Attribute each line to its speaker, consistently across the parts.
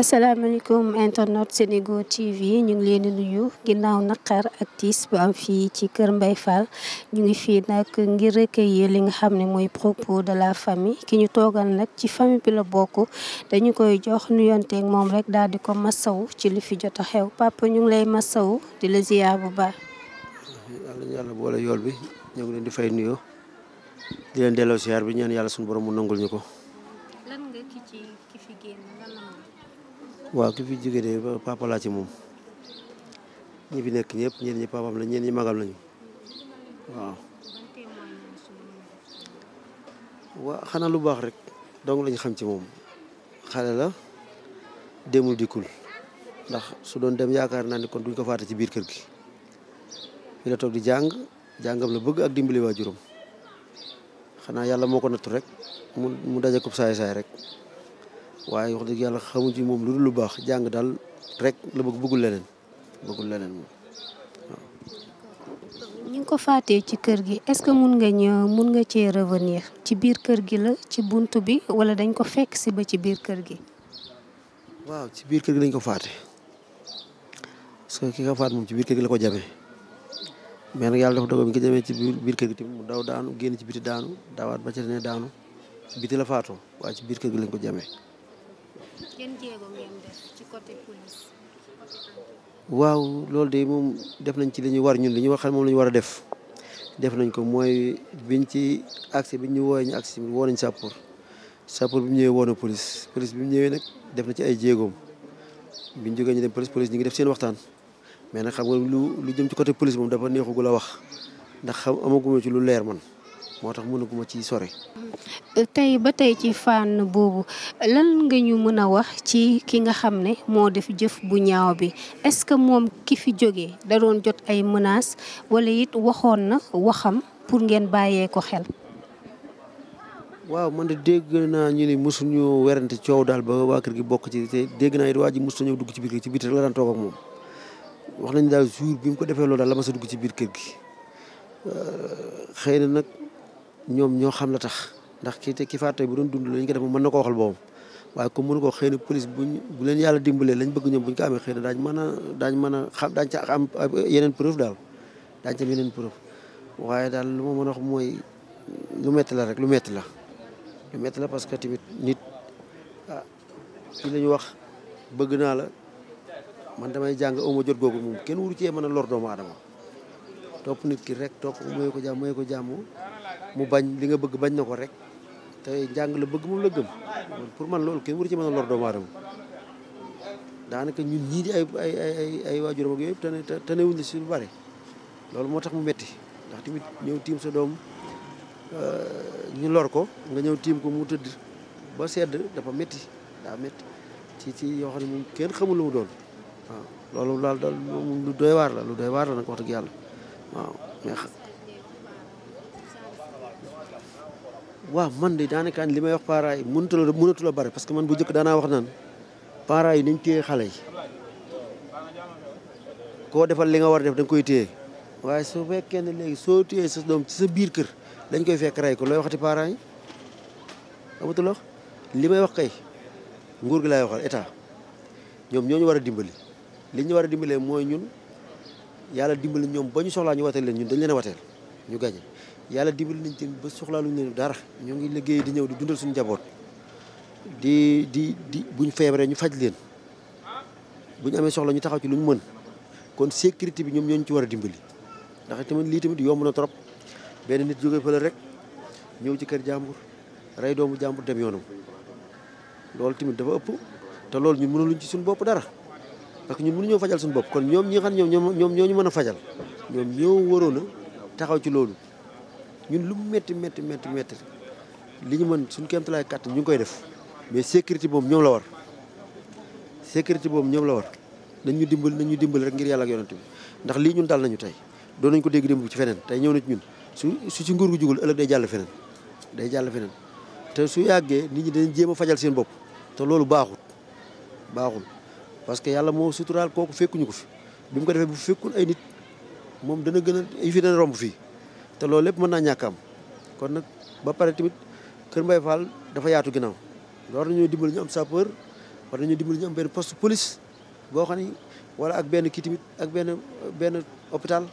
Speaker 1: asalaamaaleykum internet Senego yi ñu ngi leen di nuyu ginnaaw naqar ak tiis bu am fii ci kër mbay Fall ñu ngi fii nag ngir recueillir li nga xam ne mooy propos de la famille ki ñu toogal nag ci famille bi la bokk dañu koy jox nuyonteeg moom rek daal di ko masawu ci li fi jot a xew papa ñu ngi lay masawu di la ziyaar bu baax.
Speaker 2: yàlla ñu yàlla boole yool bi ñu ngi leen di fay nuyoo di leen delloo ziyaar bi ñaan yàlla suñu borom mu nangul ñu ko. waaw ki fi jóge de ci moom ñi fi nekk ñëpp ñenn ñi papaam la ñenn ñi magam lañu waaw. xanaa lu baax rek donc lañu xam ci moom xale la demul dikkul ndax su doon dem yaakaar naa ni kon duñ ko faata ci biir kër gi fi la toog di jàng jàngam la bëgg ak dimbali juróom xanaa yàlla moo ko nattu rek mu mu daje ko saay rek. waaye wax dëgg yàlla xamu ci moom lu dul lu baax jàng daal rek la bëgg bëggul leneen bëggul leneen moom waaw.
Speaker 1: ñi ko faatee ci kër gi est-ce que mun nga ñëw mun nga cee revenir ci biir kër gi la ci bunt bi wala dañ ko fekk si ba ci biir kër gi.
Speaker 2: waaw ci biir kër gi ko faate parce ki nga faat moom ci biir la ko jamee mais nag yàlla dafa dogal bi nga jamee ci biir kër gi tamit mu daw daanu génn ci biti daanu daawaat ba ca ne daanu ci biti la faatoo waaye ci biir kër gi lañ ko jamee. yan waaw loolu de moom def nañ ci li ñu war ñun li ñu wax moom la ñu war a def def nañ ko mooy biñ ci accès biñ ñu woowee ñu accès woo nañ sàppur sàppur bi mu ñëwee woo na police police bi mu ñëwee nag def na ci ay jéegoom biñ jógee ñu dem police police ñu ngi def seen waxtaan mais na xam nga lu lu jëm ci côté police moom dafa neexugul a wax ndax xam amaguma ci lu leer man. moo tax mënaguma ci sore.
Speaker 1: tey ba tey ci fànn boobu lan nga ñu mën a wax ci ki nga xam ne moo def jëf bu ñaaw bi est-ce que moom ki fi jógee da jot ay menaces wala it waxoon na waxam pour ngeen bàyyee ko xel.
Speaker 2: waaw man de dégg naa ñu ne mosuñu werante coow daal ba waa kër gi bokk ci te dégg naa it waa ji mosuñu dugg ci biir ci biir rek la daan moom wax nañ daal jour bi ko defee loolu la ma dugg ci biir kër gi xëy na nag. ñoom ñoo xam la tax ndax kii te ki faat tey bu doon dund lañ ko def mën na ko waxal boobam waaye comme mënu koo xëy na police buñ bu leen yàlla dimbalee lañ bëgg ñoom buñ ko amee xëy na daañ mën a daañ mën a xam daañ ca am yeneen preuve daal daañ ca am yeneen preuve waaye daal lu ma mën a wax mooy lu metti la rek lu metti la lu metti la parce que tamit nit ah ci la ñu wax bëgg naa la man damay jàng awma jot googu moom kenn waru cee mën a lor doomu aadama topp nit ki rek topp mooy ko jàmm mooy ko jàmm mu bañ li nga bëgg bañ na ko rek te njàng la bëgg moom la gëm pour man loolu kenn waru ci mën a lor doomu aadama daanaka ñun ñii di ay ay ay ay waajuram ak yooyu yëpp tane tanewuñ la si lu bari loolu moo tax mu metti ndax tamit ñëw tiim sa doom euh, ñu lor ko nga ñëw tiim ko mu tëdd ba sedd dafa metti daa metti ci ci yoo xam ne mu kenn xamul lu mu doon lu doy waar la lu doy waar la nag wax dëgg yàlla waaw man de daanaka li may wax parents yi mënatu la mënatu la parce que man bu njëkk daanaa wax naan parents nañ téye xale yi koo defal li nga war a def da koy téye waaye su fekkee léegi soo téye sa doom sa biir kër dañ koy fekk rey ko looy waxati ti yi amatul wax li may wax kay nguur gi laay waxal état ñoom ñoo ñu war a dimbali li ñu war a dimbalee mooy ñun yàlla dimbali ñoom ba ñu soxlaa ñu wateel leen ñun dañ leen a wateel ñu gañe yàlla dimbali nañ tamit ba soxlaaluñ leen dara ñoo ngi liggéey di ñëw di dundal suñu njaboot di di di buñ feebaree ñu faj leen buñ amee soxla ñu taxaw ci luñ mën kon sécurité bi ñoom ñoo ñu ci war a dimbali ndax tamit lii tamit yomb na trop benn nit jógee fële rek ñëw ci kër jàmbur rey doomu jàmbur dem yoonam loolu tamit dafa ëpp te loolu ñun mënuluñ ci suñu bopp dara parce que ñun mënuñoo fajal suñu bopp kon ñoom ñi nga xam ñoom ñoom ñoo ñu mën a fajal ñoom ñoo waroon a taxaw ci loolu. ñun lu mu métti métti métti métti li ñu mën suñu kéemtalaay kàttan ñu ngi koy def mais sécurité boobu ñoom la war sécurité boobu ñoom la war nañ ñu dimbal nañ ñu dimbal rek ngir yàlla ak yonent bi ndax lii ñun daal nañu tey doon nañ ko dégg démb ci feneen tey ñëw na ñun su su ci nguur gu jugul ëllëg day jàll day jàll feneen te su yàggee nit ñi dañ jéem a fajal seen bopp te loolu baaxul baaxul parce que yàlla moo suturaal kooku fekkuñu ko fi bi mu ko defee bu fekkul ay nit moom dana gën a yi fi dana romb fii te loolu lépp mën naa ñàkk am kon nag ba pare tamit Kër Mbaye Fall dafa yaatu ginnaaw war nañoo dimbali ñu am sapeur war nañoo dimbali ñu am benn poste police boo xam ni wala ak benn kii tamit ak benn benn hôpital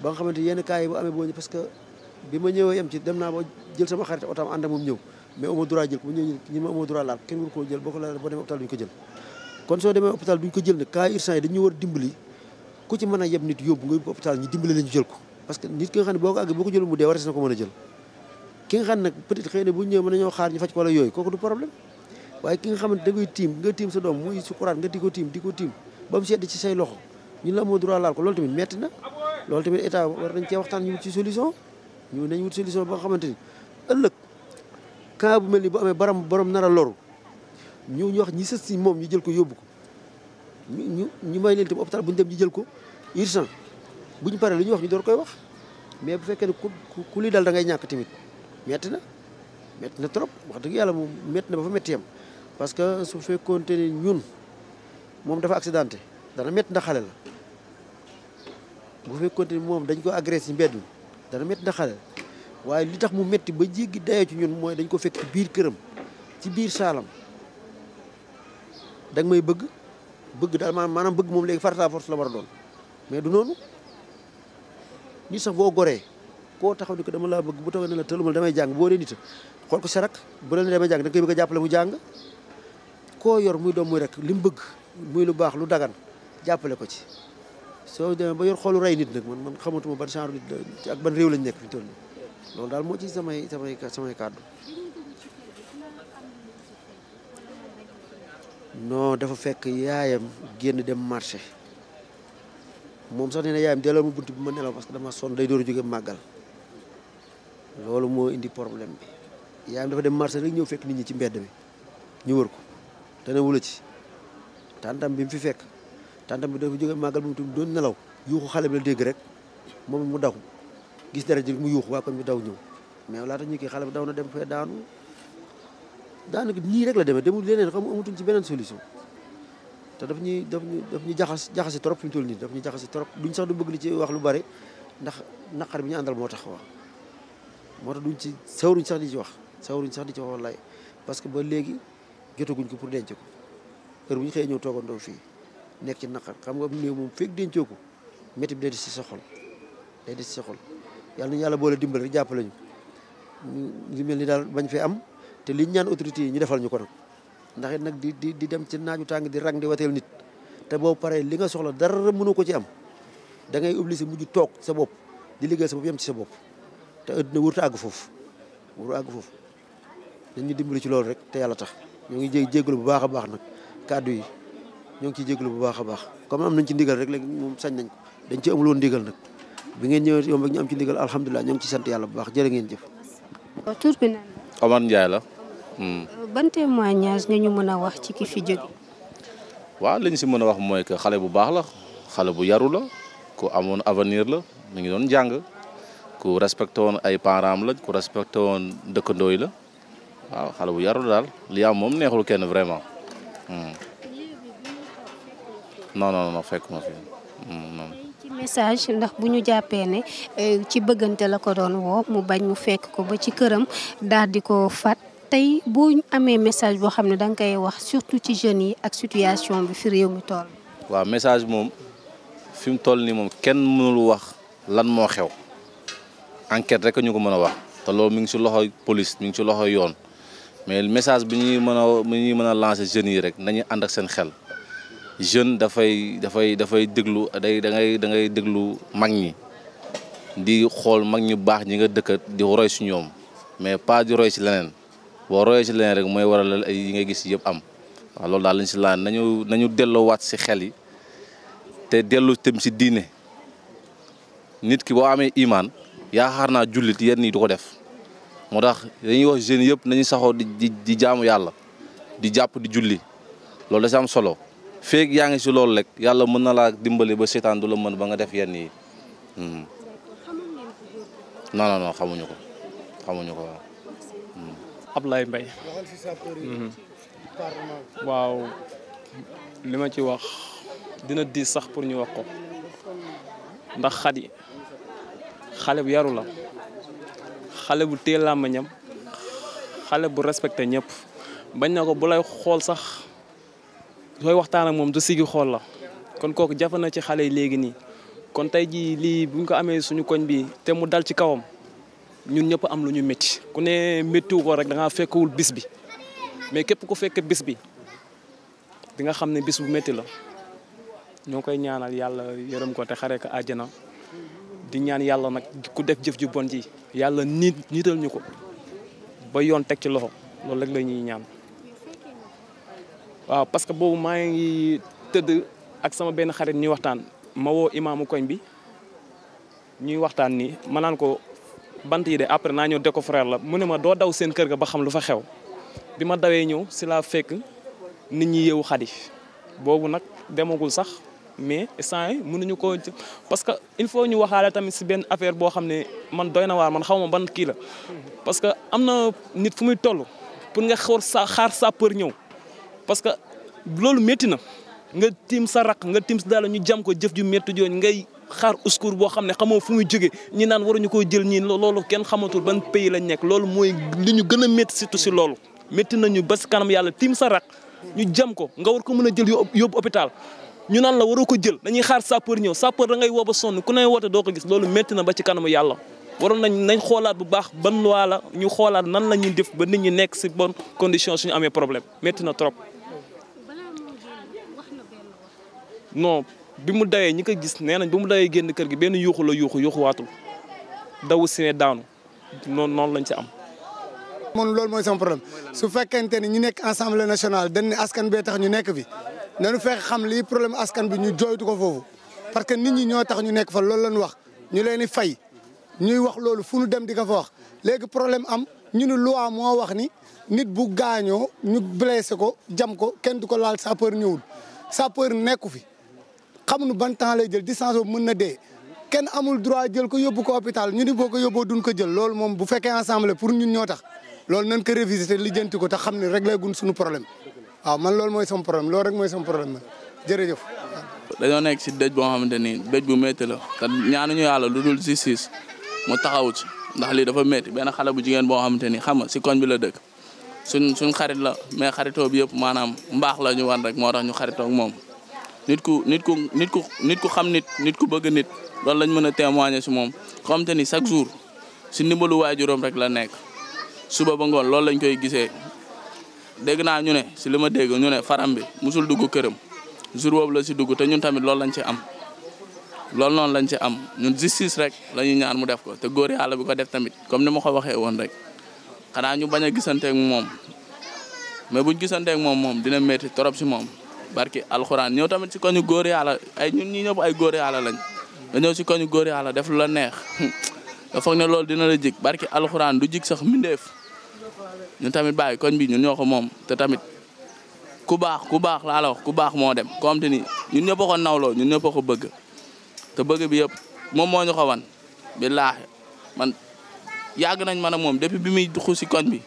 Speaker 2: ba nga xamante yenn cas yi bu amee boo ñu parce que bi ma ñëwee yem ci dem naa ba jël sama xarit otaam ànd ak moom ñëw mais amoo droit jël ko bu ñëwee ñi ma amoo droit laal kenn waru koo jël boo ko laalee boo demee hôpital duñ ko jël kon soo demee hôpital duñ ko jël ne cas urgent yi dañu war dimbali a ñu jël ko parce que nit ki nga xam ne boo ko àggee boo ko jël mu dee war na ko mën a jël ki nga xam nag peut bu ñu ñëwee mën nañoo xaar ñu faj ko wala yooyu kooku du problème waaye ki nga xamante da ngay tiim nga tiim sa doom muy sukuraat nga di ko tiim ko tiim ba mu sedd ci say loxo ñun la amoo droit laal ko lool tamit metti na loolu tamit état war nañ cee waxtaan ñu wut ci solution ñu nañ wut solution ba nga xamante ni ëllëg bu mel ni bu amee baram borom nar a loru ñu wax ñi sës si moom ñu jël ko yóbbu ko ñu ñu ñu may leen tam dem ñu jël ko urgent bu ñu paree lu ñuy wax ñu door koy wax mais bu fekkee ne ku ku li dal da ngay ñàkk tamit metti na metti na trop wax dëgg yàlla moom metti na ba fa metti yam parce que su fekkoonte ne ñun moom dafa accidenté dana metti na xale bu fekkoonte ne moom dañ ko agressé ci mbedd mi dana metti na xale la waaye li tax mu metti ba jéggi dayoo ci ñun mooy dañ ko fekk biir këram ci biir saalam da may bëgg bëgg daal maanaam bëgg moom léegi farata force la war a doon mais du noonu nit sax boo goree koo taxaw ni ko dama laa bëgg bu tawee ne la tëlumal damay jàng boo dee nit xool ko sa rak bu la ne damay jàng da nga koy bëgg a jàppale mu jàng koo yor muy doom muy rek li mu bëgg muy lu baax lu dagan jàppale ko ci soo demee ba yor xoolu rey nag man man xamatuma ban genre nit la ak ban réew lañ nekk fi loolu daal moo ci samay samay samay kàddu non dafa fekk yaayam génn dem marché moom sox nee na yaayam delloo ma bunt bi ma nelaw parce que dama sonn day door a jóge màggal loolu moo indi problème bi yaayam dafa dem marché rek ñëw fekk nit ñi ci mbedd mi ñu wër ko dana wula ci tàntam bi mu fi fekk tàntam bi dafa jóge màggal bu mu tudd doon nelaw yuuxu xale bi la dégg rek moom mu daw gis dara ji mu yuuxu waa kon mi daw ñëw mais laata ñu kii xale bi daw na dem fee daanu daanaka nii rek la demee demul leneen xam nga amatuñ ci beneen solution te daf ñuy daf daf ñuy jaxas jaxase trop fi mu toll nii daf ñuy jaxase trop duñ sax du bëgg li ci wax lu bari ndax naqar bi ñu àndal moo tax moo tax duñ ci sawaruñ sax di ci wax sawaruñ sax di ci wax wallaay parce que ba léegi jotaguñ ko pour denc ko heure bu ñu xëyee ñëw toogandoo fii nekk ci naqar xam nga néew moom fekk dencoo ko métti bi day des ci sa xol day des ci sa xol yàlla nañu yàlla boole dimbal rek jàppale ñu li mel ni daal bañ fee am te liñ ñaan autorité yi ñu defal ñu ko nag ndax it nag di di di dem ci naaju tàng di rang di wateel nit te boo paree li nga soxla dara mënu ko ci am da ngay obligé mujj toog sa bopp di liggéey sa bopp yem ci sa bopp te adduna wurta àgg foofu wurtu àgg foofu dañ ñu dimbali ci loolu rek te yàlla tax ñoo ngi jé jégalu baax a baax nag kàddu yi ñoo ngi ciy jégalu bu baax a baax comme am nañ ci ndigal rek léegi moom sañ nañ ko dañ ci am woon ndigal nag bi ngeen ñëwee yomb ak am ci ndigal alhamdulilah ñoo ci sant yàlla bu baax jërë ngeen jëf. tur bi naan. la.
Speaker 1: ban témoignage nga ñu mën a wax ci ki fi jóge
Speaker 3: waaw li si mën a wax mooy que xale bu baax la xale bu yaru la ku amoon avenir la mu ngi doon jàng ku respecté woon ay parents am la ku respecté woon dëkkandoo yi la waaw xale bu yaru daal li am moom neexul kenn vraiment. Hmm. non non non fekk ma fi hmm, non.
Speaker 1: ci message ndax bu ñu jàppee ne eh, ci bëggante la ko doon woo mu bañ mu fekk ko ba ci këram daal di ko fat tey boo ñu amee message boo xam ne da nga koy wax surtout ci jeunes yi ak situation bi fi réew mi toll.
Speaker 3: waaw message moom fi mu toll nii moom kenn mënul wax lan moo xew enquête rek ñu ko mën a wax te loolu mi ngi si loxo police mi ngi si loxo yoon mais message bi ñuy mën a bi ñuy mën a lancer jeunes yi rek nañu ànd ak seen xel jeune dafay dafay dafay déglu day da ngay da ngay déglu mag ñi di xool mag ñu baax ñi nga dëkkat di roy si ñoom mais pas di roy si leneen. boo royee ci leneen rek mooy waralal ay yi nga gis yëpp am waaw loolu daal lañ si laan nañu nañu delloowaat si xel yi te dellu tam si diine nit ki boo amee imaan yaakaar naa jullit yenn yi du ko def moo tax dañuy wax jeunes yëpp nañu saxoo di di jaamu yàlla di jàpp di julli loolu da si am solo feeg yaa ngi si loolu rek yàlla mën na laa dimbali ba seetaan du la mën ba nga def yenn yi hmm. non non xamuñu ko xamuñu ko Ablaye Mbaye
Speaker 1: mhm. waaw
Speaker 4: li ma ci wax dina diis sax pour ñu wax ko ndax Khady xale bu yaru la xale bu téye làmmiñam xale bu respecté ñëpp bañ na ko bu lay xool sax sooy waxtaan ak moom du sigi xool la kon kooku jafe na ci xale yi léegi nii kon tey ji lii buñ ko amee suñu koñ bi te mu dal ci kawam ñun ñëpp am lu ñu métti ku ne méttiwu rek da ngaa fekkewul bis bi mais képp ku fekk bis bi di nga xam ne bis bu métti la ñoo koy ñaanal yàlla yërëm ko te xaree ko àjjana di ñaan yàlla nag ku def jëf ji bon ji yàlla nit niital ñu ko ba yoon teg ci loxo loolu rek la ñuy ñaan waaw parce que boobu maa ngi tëdd ak sama benn xarit ñuy waxtaan ma woo imaamu koñ bi ñuy waxtaan nii ma ko bant yi de après naa ñëw décoffrer la mu ne ma doo daw seen kër ga ba xam lu fa xew bi ma dawee ñëw si laa fekk nit ñi yeewu xadi boobu nag demagul sax mais instant yi mënuñu ko parce que il faut ñu waxaale tamit si benn affaire boo xam ne man doy na waar man xaw ma ban kii la. parce que am na nit fu muy toll pour nga xaar sa xaar sapeur ñëw parce que loolu métti na nga tiim sa raq nga tiim sa dàll ñu jam ko jëf ju métti jooju ngay. xaar uskur boo xam ne xamoo fu muy jóge ñi naan war ñu koo jël ñi loolu kenn xamatul ban pays lañ nekk loolu mooy li ñu gën a métti surtout si loolu métti nañu ba si kanam yàlla tiim sa rak ñu jam ko nga war ko mën a jël yóbbu hôpital ñu naan la waroo ko jël dañuy xaar sapeur ñëw sapeur da ngay woo ba sonn ku ne woote doo ko gis loolu métti na ba ci kanamu yàlla waroon nañ nañ xoolaat bu baax ban loi la ñu xoolaat nan la ñuy def ba nit ñi nekk si bonne condition ñu amee problème métti na trop non bi mu dawee ñu ko gis nee nañ bi mu dayee génn kër gi benn yuuxu la yuuxu yuuxuwaatul dawu si ne daanu noonu noonu lañ ci am.
Speaker 2: moom loolu mooy sama problème su fekkente ni ñu nekk assemblée nationale dañ ne askan bee tax ñu nekk fi nañu fekk xam lii problème askan bi ñu jooytu ko foofu parce que nit ñi ñoo tax ñu nekk fa loolu lañu wax ñu leen di fay ñuy wax loolu fu ñu dem di ko fa wax léegi problème am ñu ne loi moo wax ni nit bu gaañoo ñu blessé ko jam ko kenn du ko laal sapeur ñëwul sapeur nekku fi. xamuñu ban temps lay jël distance boobu mën na dee kenn amul droit jël ko yóbbu ko hôpital ñu ni boo ko yóbboo duñ ko jël lool moom bu fekkee ensemble pour ñun ñoo tax lool nan ko réviser te lijjanti ko te xam ni réglé gun suñu problème waaw man loolu mooy sama
Speaker 4: problème loolu rek mooy sama problème man jërëjëf.
Speaker 5: dañoo nekk si dëj boo xamante ni dëj bu métti la te ñaanuñu yàlla lu dul justice mu taxaw ci ndax li dafa métti benn xale bu jigéen boo xamante ni xam nga si koñ bi la dëkk suñ suñ xarit la mais xaritoo bi yëpp maanaam mbaax la ñu rek moo tax ñu xaritoo moom nit ku nit ku nit ku nit ku xam nit nit ku bëgg nit loolu lañ mën a témoigner si moom ko ni chaque jour si ndimbalu waajuram rek la nekk suba ba ngoon loolu lañ koy gisee dégg naa ñu ne si li ma dégg ñu ne faram bi musul dugg këram jour boobu la si dugg te ñun tamit loolu lañ ci am loolu noonu lañ ci am ñun justice rek lañu ñuy ñaan mu def ko te góor yàlla bi ko def tamit comme ni ma ko waxee woon rek xanaa ñu bañ a gisanteeg moom mais buñ gisanteek moom moom dina métti trop si moom barki alxuraan ñëw tamit si koñu góor yàlla ay ay góor yàlla lañ nga ñëw si koñu góor yàlla def lu la neex nga ne loolu dina la jig barki alxuraan du jig sax mbindeef ñun tamit bàyyi koñ bi ñun ñoo ko moom te tamit ku baax ku baax laa la wax ku baax moo dem comme te ni ñun ñëpp a ko nawloo ñun ñëpp a ko bëgg bëgg bi yëpp moom moo ñu ko billaahi man yàgg nañ man ak moom depuis bi muy dugg si koñ bi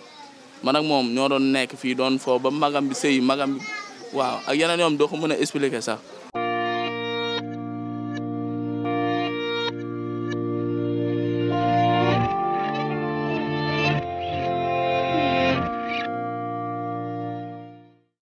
Speaker 5: man moom ñoo doon nekk fii doon foo ba magam bi sëy magam bi waaw ak yeneen yoom doo ko mën a expliquer sax